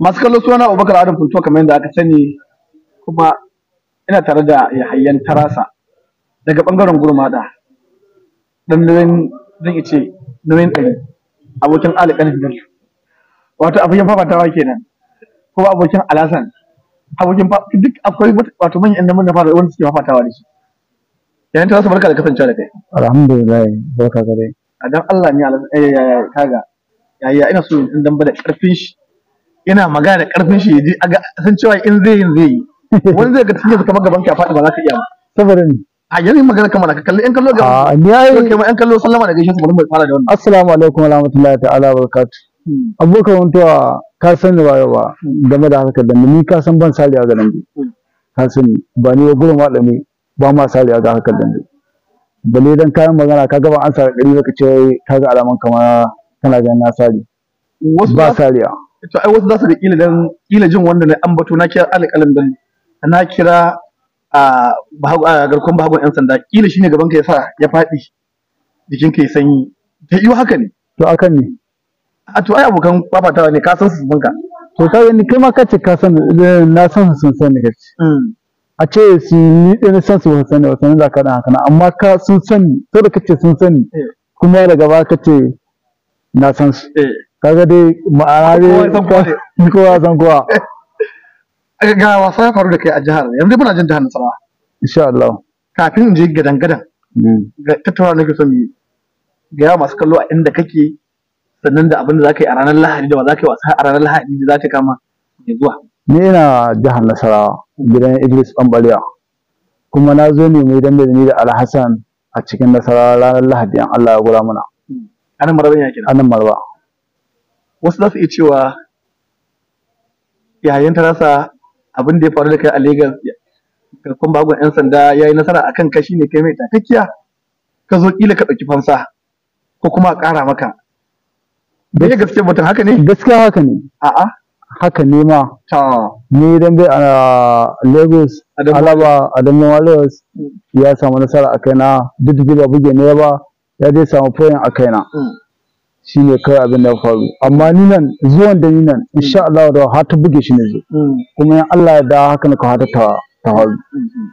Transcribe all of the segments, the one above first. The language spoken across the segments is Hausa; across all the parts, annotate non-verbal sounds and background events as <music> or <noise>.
masu kallo suna abubakar adam tuntuwa kamar yadda aka sani kuma ina tare da yahayyan tarasa daga bangaren gurmada dan nauyin zan ce nauyin ɗari abokin alikan hindar wato abokin fafatawa kenan ko abokin alasan abokin duk akwai wato manyan namun na fara wanda suke fafatawa da shi yayin tarasa barka da kasancewa da kai alhamdulillah barka da a dan Allah ne eh, kaga yaya ina so in damba da karfin shi ina magana da karfin shi yaji aga san cewa in zai yin zai yi <laughs> wani zai ga tunje kamar gaban ka faɗi ba za ka iya ba saboda ni a yanzu magana kamar ka kalli yan kallo ga ah, ni yayi kai yan kallo sallama da gaishe su bari mu fara da wannan assalamu alaikum wa rahmatullahi ta'ala wa barakatuh hmm. Abokan wantuwa ka san ba wayo ba game da haka da ni ka san ban sariya ga nan hmm. ka san ba ni gurin ne ba ma sariya ga haka da ni balle dan kayan magana ka gaba an sa kari baka ce kaga alaman kamar kana ganin na sare ba sariya to ai wasu za su da kila dan kila jin wanda na ambato na kira alƙalin dan na kira a garkon bahagon yan sanda kila shine gaban ka ya sa ya faɗi jikin ka ya sanyi ta iyo haka ne to akan ne a to ai abokan fafatawa ne ka san su banka to ka gani kai ma ka ce ka san na san su sun san ne gaci mm. a ce su ni ɗin san su sun san ne wasanni za ka ɗan haka amma ka sun san to da ka ce sun san eh. kuma daga ba ka ce na san su eh. kaga dai ma'ana dai kowa san kowa <laughs> <laughs> ga wasa ya faru da kai a jihar yanzu muna jin jihar Nasarawa insha Allah kafin in je gadan gadan mm. ga tattaunawa nake son yi ga masu kallo a inda kake sannan da abin da zaka yi a ranar Lahadi da ba zaka yi wasa a ranar Lahadi da zaka kama mai zuwa ni ina jihar Nasarawa gidan Idris Bambaliya kuma na zo ne mai dambe da ni da Alhassan a cikin Nasarawa ranar Lahadi an Allah ya gura mana anan maraba yake kenan anan maraba wasu za su iya cewa yayin ta rasa abin da ya faru da kai a Legas karkon bagon yan sanda ya yi nasara a kan shi ne kai mai takakkiya ka zo kila ka ɗauki fansa ko kuma a ƙara maka da ya gaske mutum haka ne gaskiya haka ne a'a haka ne ma ni dan bai a Lagos Alaba Adamu Lagos ya samu nasara a kai na. duk da ba buge ne ba ya dai samu foyin a kaina mm. shi ne kai abin da faru amma ni nan zuwan da ni nan insha mm. Allah da har ta buge shi ne zo mm. kuma in Allah ya da haka ka hata ta ta faru mm-hmm.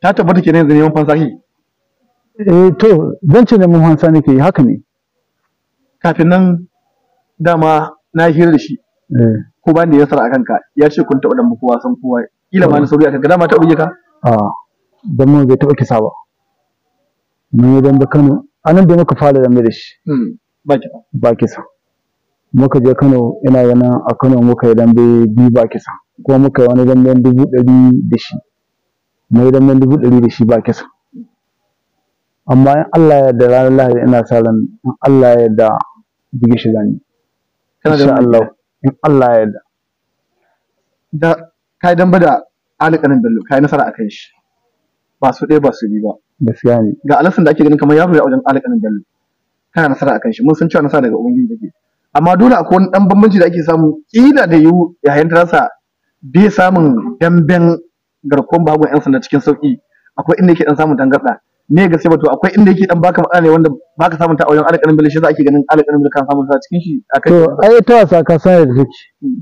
ta tabbata kenan yanzu neman fansa kike eh to zan ce neman fansa nake yi haka ne kafin nan dama na hira da shi eh. ko ba ni sara akan ka ya ce kun taɓa dan kowa san kowa kila ma na sauri akan ka dama ta buge ka a ah, dan mu bai taɓa kisa ba mun yi dambe kano a nan da muka fara dambe da shi hmm, ba kisa muka je kano ina yana a kano muka yi dambe biyu ba kisa kuma muka yi wani dambe dubu ɗari da shi mun yi dambe dubu ɗari da shi ba kisa amma in Allah ya da ranar lahadi ina sa ran in Allah ya da bugi shi zani insha Allah in Allah ya da da kai dambe da alƙanin bello kai nasara akan shi ba su ɗaya ba su biyu ba gaskiya ne ga alasan da ake ganin kamar yaro ya wajen alƙalin bello kana nasara akan shi mun san cewa nasara daga ubangiji take amma dole akwai wani dan bambanci da ake samu kila da yiwu yayin tarasa, bai samun damben garkuwan bahagun yan sanda cikin sauki akwai inda yake dan samun tangarda me gaskiya ba to akwai inda yake dan baka matsala ne wanda baka samun ta a wajen alƙalin bello shi yasa ake ganin alƙalin bello kan samun sa cikin shi akan to ai ta wasa ka sai da take hmm.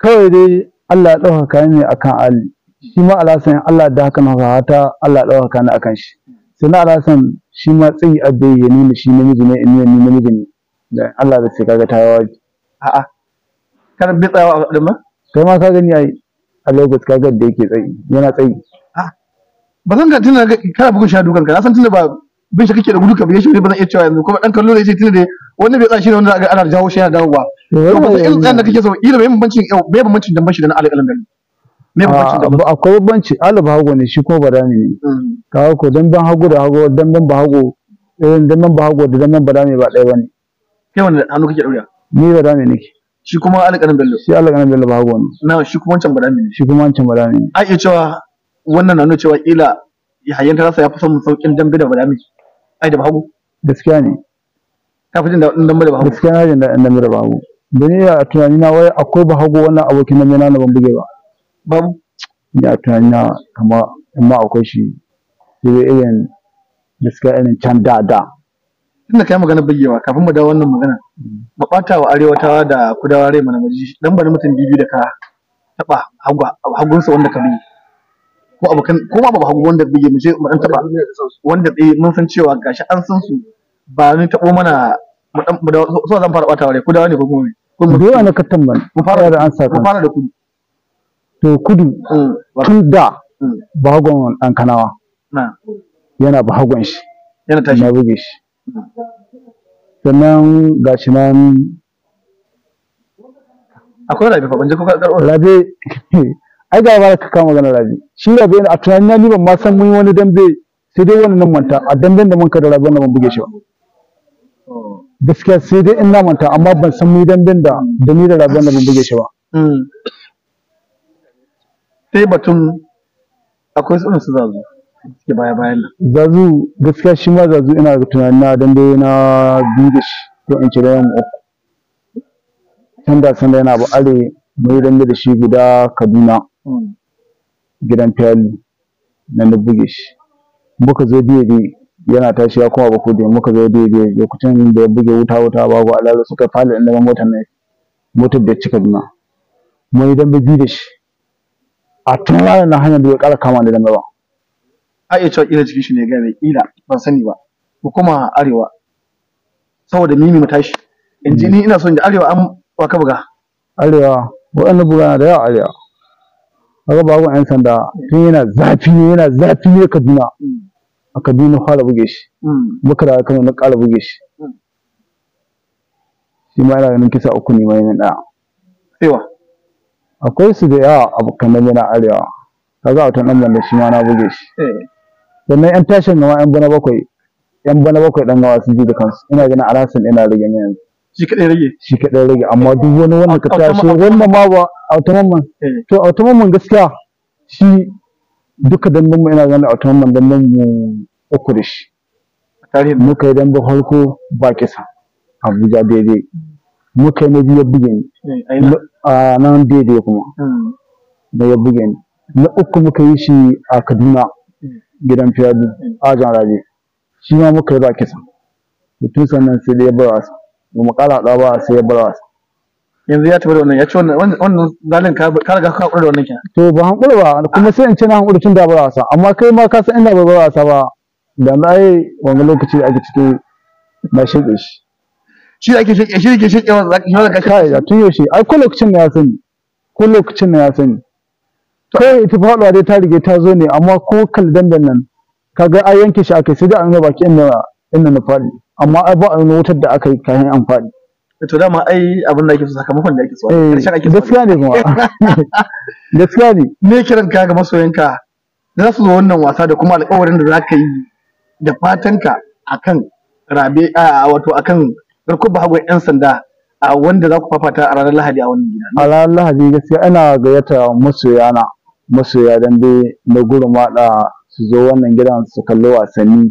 kawai dai Allah ya dauka ne akan Ali shi ma alasan Allah da haka na ta Allah ya dauka ne akan shi sai na alasan shi ma tsayi abbe ya nuna shi namiji ne in ni namiji ne da Allah da sai kaga tawa a'a kana bi tsawa a ma kai ma ka gani ai a lokacin kaga da yake tsayi yana tsayi a ba zan ga tunda kana bugun shadu kanka na san tunda ba bin shi kake da gudu ka biye shi ba zan iya cewa yanzu kuma dan kallo ne sai tunda wani bai tsashi ne wanda ana jawo shi yana dawowa to eh, ba irin tsayin da kake so ila bai bambancin bai bambancin dan bashi da na alƙalamin me ah, akwai bambanci ba hago ne shi kuma barami ne hmm. kawo ko damben hago da hago damben ba hago irin ban ba hago da damben barami ba daya bane kai wanda hannu kake ɗaura ni barami ke. shi kuma alƙanan bello shi alƙanan bello ba hago ne na shi kuma wancan barami ne shi kuma wancan barami ne a cewa wannan na nuna cewa ila yayin ta rasa ya fi son saukin dambe da barami ai da ba hago gaskiya ne ka fi jin daɗin dambe da ba hago gaskiya na jin daɗin dambe da ba hago da ni a na wai akwai ba hago wannan abokin dambe na ban buge ba babban ya ta tunanina kama in ma akwai shi sai irin gaskiya irin can da da tunda kai magana bayyawa kafin mu dawo wannan magana ba bata wa arewatawa da kudawa rai mana maji dan bari mutum bibi da ka taba hagunsa wanda ka bi ko abokan ko ma babu hagu wanda bige mu je mu dan taba wanda eh mun san cewa gashi an san su ba ni tabo mana mu dan so zan fara bata rai kudawa ne ko kuma ko mu dai ne kattan tambaye mu fara da ansa ka mu fara da kudi to kudu mm. tun da mm. bahagon ɗan kanawa yana bahagon shi yana buge shi sannan ga shi nan akwai rabe fa jikin ko ka karɓo rabe <laughs> ai ga ba ka kama magana rabe shi rabe a tunanin na liban ma san mun wani dambe sai dai wani nan manta a damben da mun ka da rabe wannan mun buge shi ba gaskiya sai dai in na manta amma ban san mun damben da da ni da rabe wannan mun buge shi ba mm. sai batun akwai su irin su zazu suke baya bayan nan zazu gaskiya shi ma zazu ina da tunani na dan dai na biyu da shi ko in ce da mu uku sanda sanda yana ba are mai dambe da shi guda Kaduna hmm. gidan Fiyali na da buge shi muka zo biye biye yana tashi ya kuma bako da muka zo biye biye lokacin da ya buge wuta wuta ku alalo suka fara inda motar ne motar da cika Kaduna mai dambe da shi a tun ranar na hanyar bai ƙara kama da dambe ba a iya cewa ƙila jikin shi ne gane ƙila ban sani ba ko kuma arewa saboda mimi mu tashi in ji ni ina son da arewa an waka buga arewa waɗannan buga na da yawa arewa kaga babu 'yan sanda tun yana zafi ne yana zafi ne kaduna a kaduna fara buge shi mm. muka da kano na ƙara buge shi mm. shi ma yana ganin kisa uku ne mai yana ɗaya akwai su da yawa abokan dambe yana arewa a wata nan da shi ma na buge shi eh. sannan yan tashin gama yan bana bakwai yan bana bakwai dan gawa sun ji da kansu ina ganin alasan ina rage min yanzu shi kadai rage shi kadai rage amma duk wani wanda ka tashi wannan ma ba mamman?" Eh. to mamman gaskiya shi duka damben mu ina ganin autonomous damben mu uku da shi muka yi dambe farko ba kisa abuja daidai muka na biyu bugin eh, a nan daidai kuma hmm. na yi bugin na uku muka yi shi a kaduna hmm. gidan fiyadu hmm. jan rabe shi ma muka yi ba kisa mutum sannan sai da ya bar wasa ba mu kara ba sai ya bar wasa yanzu ya tafi da wannan ya ci wannan zalin ka riga ka da wannan kenan to ba hankula ba kuma sai in ce na hankula tun da bar wasa amma kai ma ka san ina bar wasa ba da na yi wani lokaci da ake cikin na shirɗe shi shi ake shirke shirke shirke wanda zaka shirka kai ya tun yaushe ai ko lokacin ne ya sani ko lokacin ne ya sani kawai ita faɗuwa dai ta rige ta zo ne amma ko kaldan da nan kaga ai yanke shi akai sai da an ga baki inda inda na faɗi amma ai ba a nuna wutar da aka yi kayan an fadi to dama ai abin da ake so sakamakon da ake so eh, karshen ake so gaskiya ne kuma <laughs> gaskiya ne me kiran ka ga masoyanka da za su zo wannan wasa da kuma alƙawarin da za ka yi da fatanka akan rabe a wato akan garkuwar bahagwai 'yan sanda a wanda za ku fafata a ranar lahadi a wannan gida a ranar lahadi gaskiya ina gayyata masoyana masoya dan dai na gurma da su zo wannan gidan su kalli wasanni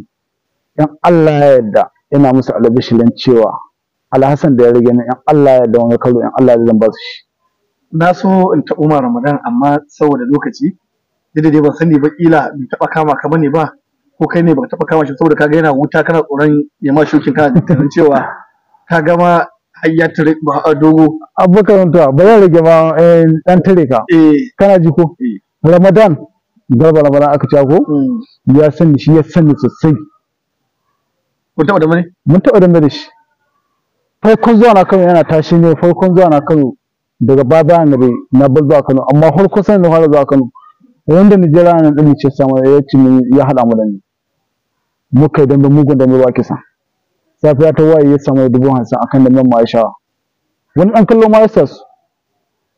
Yan Allah ya yarda ina musu albishirin cewa alhassan da ya rage ni yan Allah ya yarda wani karo yan Allah ya zan ba su shi na so in ta umar ramadan amma saboda lokaci da dai ban sani ba kila bai taba kama ka bane ba ko kai ne baka taba kama shi saboda kaga yana wuta kana tsoron ya ma shukin kana tunanin cewa ka gama hayya tare ba a dogo abubakar to ba zan rage ma dan eh, tare ka eh. kana ji ko eh. ramadan garba ramadan aka ci ko mm. ya sani shi ya sani sosai mun taba dambe ne mun taba dambe da shi farkon zuwa na kano yana tashi ne farkon zuwa na kano daga baba na bai na bar zuwa kano amma farkon sani na fara zuwa kano wanda ni jira nan din ce samu ya ci ya haɗa mu da ni muka dambe mugun dambe ba kisa safiya ta waye ya samu dubu hamsin akan da nan ma wani ɗan kallo ma su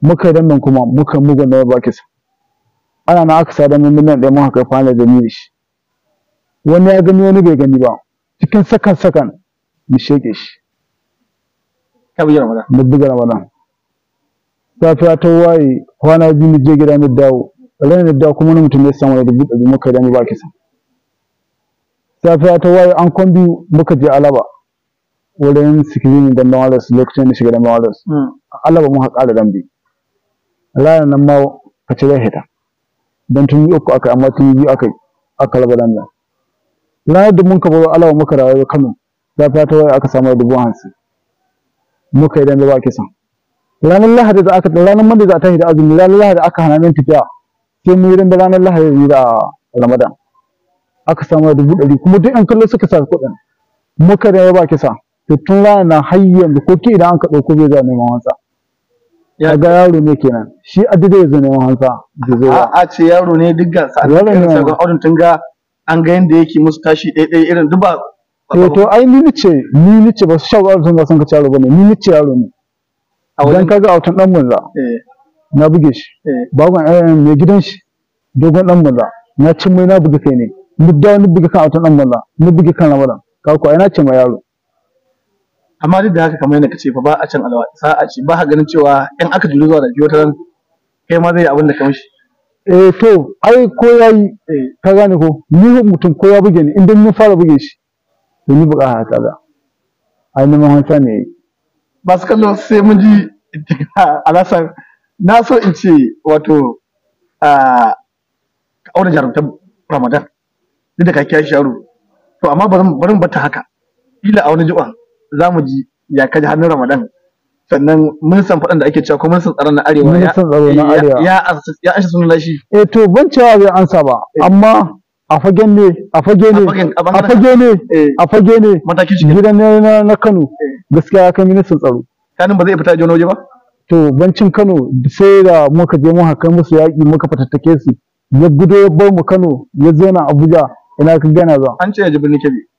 muka yi dandan kuma muka mugun da bakis ana na aka sa min miliyan ɗaya mun haka fana da ni shi wani ya gani wani bai gani ba cikin sakan sakan mu sheke shi ka buga ramadan mu buga ramadan safiya ta waye kwana biyu mu je gida mu dawo ranar da kuma wani mutum ya samu da dubu ɗari muka yi da mu safiya ta waye an kwambi muka je alaba wurin sikirin dambe su lokacin da shiga dambe hmm. su. alaba mun haƙa da dambe ranar nan ma ka cire hita don tun yi uku aka amma tun yi aka yi aka raba dambe ranar da mun ka baro alaba muka da kano safiya ta waye aka samu dubu hamsin muka yi dambe ba a ranar lahadi da aka ranar manda za a tashi da azumi ranar lahadi aka hana min tafiya sai mu yi dambe ranar lahadi da ramadan aka samu dubu ɗari kuma duk an kallo suka sa kuɗin muka da ya ba kisa to tun rana har yanzu ko ke idan an ka ɗauko bai za neman wansa ya ga yaro ne kenan shi adida ya zo neman wansa da a ce yaro ne duk ga sa yaro ne sabon audun tun ga an ga yanda yake musu tashi ɗaiɗai irin duk ba to to ai ni nice ni nice ba su sha ba sun ga sun ka ci yaro ne. ni nice yaro ne dan kaga autan ɗan munza eh. na buge shi eh. bagon eh, mai gidan shi dogon ɗan munza na cin mai na buge kai ne mu dawo buga kan autan dan banza mu buga kan ramadan ka ko ina ce ma yaro amma duk da haka kamar yadda kace fa ba a can alawa sa a ce ba ha ganin cewa in aka juri zuwa da jiyo ta ran kai ma zai abin da ka mishi eh to ai ko yayi eh. ka gane ko ni mutum ko ya buge ni idan mun fara buge shi to ni buga haka ba. ai ni mun hanta ne ba su kallo sai mun ji <laughs> alasan na so in ce wato ah, a aure jarumtar ramadan duk da ka kira shi yaro to amma bari mu bata haka kila a wani jiwa za mu ji ya kaji hannun ramadan sannan mun san faɗan da ake cewa ko mun san tsaron na arewa ya ya ya ashe sunan lashi eh to ban cewa bai ansa ba eh. amma a fage ne a fage ne a fage ne a fage ne eh. gidan na na Kano eh. gaskiya kan ministan tsaro kanin ba zai fita jona waje ba to bancin Kano sai da muka je mu haka musu yaƙi muka fatattake su ya gudo ya bar mu Kano ya zo na Abuja ina ka gana zuwa an ce ya ji birnin kebe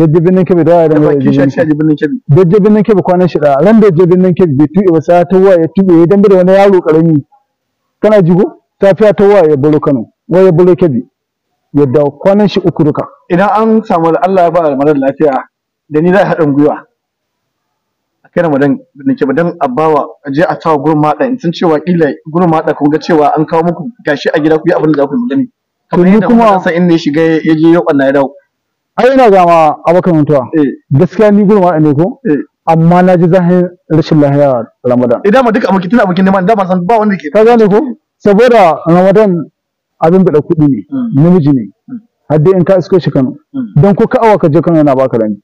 ya ji birnin kebe da waya da mai ji birnin kebe da ji birnin kebe kwanan shi da ran da ji birnin kebe bai tuɓe ba sai ta waye ya tuɓe ya dambe da wani yaro karami kana jigo ta fiya ta waye ya Kano waye bolo kebe yadda kwanan shi uku duka idan an samu Allah ya ba mara lafiya da ni za a haɗin gwiwa a kai ramadan da ke madan abawa a je a tawa gurin maɗa in sun cewa ƙila gurin maɗa kun ga cewa an kawo muku gashi a gida ku yi abin da za ku yi kamar kuma sa inda ya shiga ya je ya kwanna dawo ai ina ga ma abokan mutuwa eh. gaskiya ni gurma ne ko eh. amma na ji zahin rashin lahiya ramadan idan eh, ma duka abokin tun abokin neman da ba san ba wanda ke ka gane ko saboda ramadan abin bada kuɗi ne hmm. namiji ne hmm. har in ka isko shi kano hmm. Dan ko ka awa ka je kano yana baka rani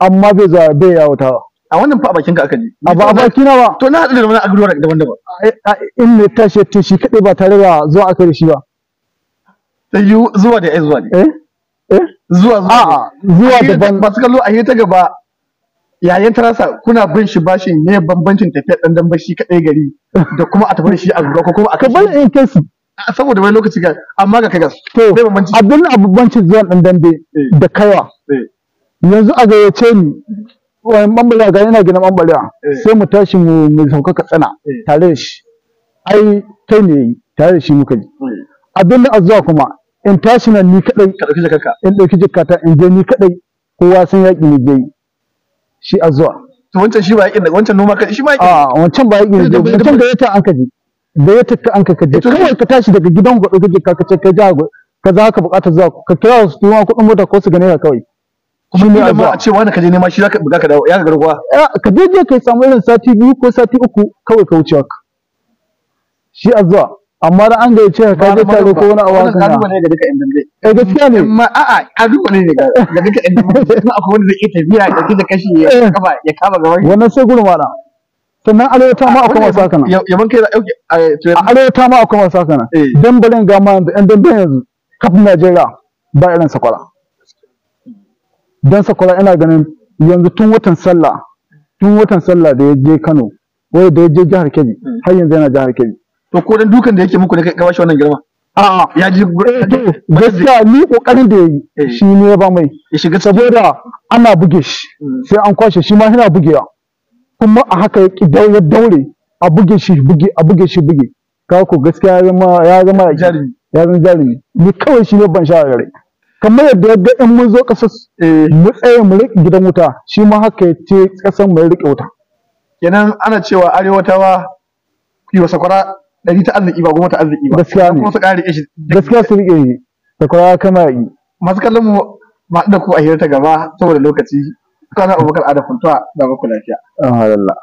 amma bai zuwa bai yawatawa a wannan fa a bakin ka aka ji a ba a na ba to na hada da wani agro daban-daban in ne tashi tun shi ba tare da zuwa aka da shi ba zuwa da zuwa ne eh? Eh? zuwa zuwa zuwa daban masu kallo a ta gaba yayin tarasa kuna bin shi bashin ne bambancin tafiyar ɗan dan bashi kadai gari da kuma a tafi shi a zuwa ko kuma a ka kabar in kai su saboda wani lokaci ga amma ga kagas to abin abubancin zuwan dan dambe eh. da kaiwa yanzu a gayyace ni wani bambalewa ga yana gina bambalewa sai mu tashi mu mu sauka tsana. tare da shi ai kai ne tare da shi muka yi abin da a zuwa kuma in tashi nan ni kadai ka dauki in dauki jikata in je ni kadai kowa wasan yaki ne je shi azwa to wancan shi ba yakin daga wancan noma kai shi ma yakin a wancan ba yakin daga wancan da yata an je, da yata ka je, kaje eh, kawai ka tashi daga gidan gwado kaje ka ce ka ja ka za ka bukata zuwa ka kira su tuwa kudin mota ko su gane ka kawai kuma ni ma a ce wani ka je nema shi zaka buga ka dawo ya ga garkuwa ka je je kai samu irin sati biyu ko sati uku kawai ka wuce shi azwa amma da an gaice ka ji taro ko wani awa kana kalubale ga duka inda dai eh gaskiya ne amma a'a kalubale ne ga duka inda <laughs> kuma akwai wanda zai tafiya da kida kashi ya eh. kafa ya kama gaba wannan sai gurin wala sannan alayata ma akwai masu kana. ya yaban kai okay a alayata ma akwai masu kana. Eh. dan balin ga ma da dan dan yanzu kafin Najeriya ba irin sakwara dan sakwara ina ganin yanzu tun watan sallah tun watan sallah da ya je Kano wai da ya je jihar Kebbi hmm. har yanzu yana jihar Kebbi to ko dan dukan da yake muku ne ka bashi wannan girma a ya ji eh, gaskiya ni kokarin da yayi eh. shi ne ya ba mai ya shiga saboda ana buge shi hmm. sai an kwashe shi ma yana bugewa kuma a haka ya ki ya daure a buge shi buge a buge shi buge ka ko gaskiya ya zama ya zama ya zama jarumi ni kawai shi ne ban sha gare kamar yadda ya ga in mun zo kasar eh. mu tsaye mu rike gidan wuta shi ma haka ya ce kasan mu rike wuta kenan ana cewa ba yi wa sakwara ɗari ta arziki ba goma ta arziki ba gaskiya ne kuma su ƙara riƙe shi gaskiya su riƙe shi da kwara kama yi masu kallon mu ma da ku a hira ta gaba saboda lokaci kana abubakar adafin tuwa da muku lafiya alhamdulillah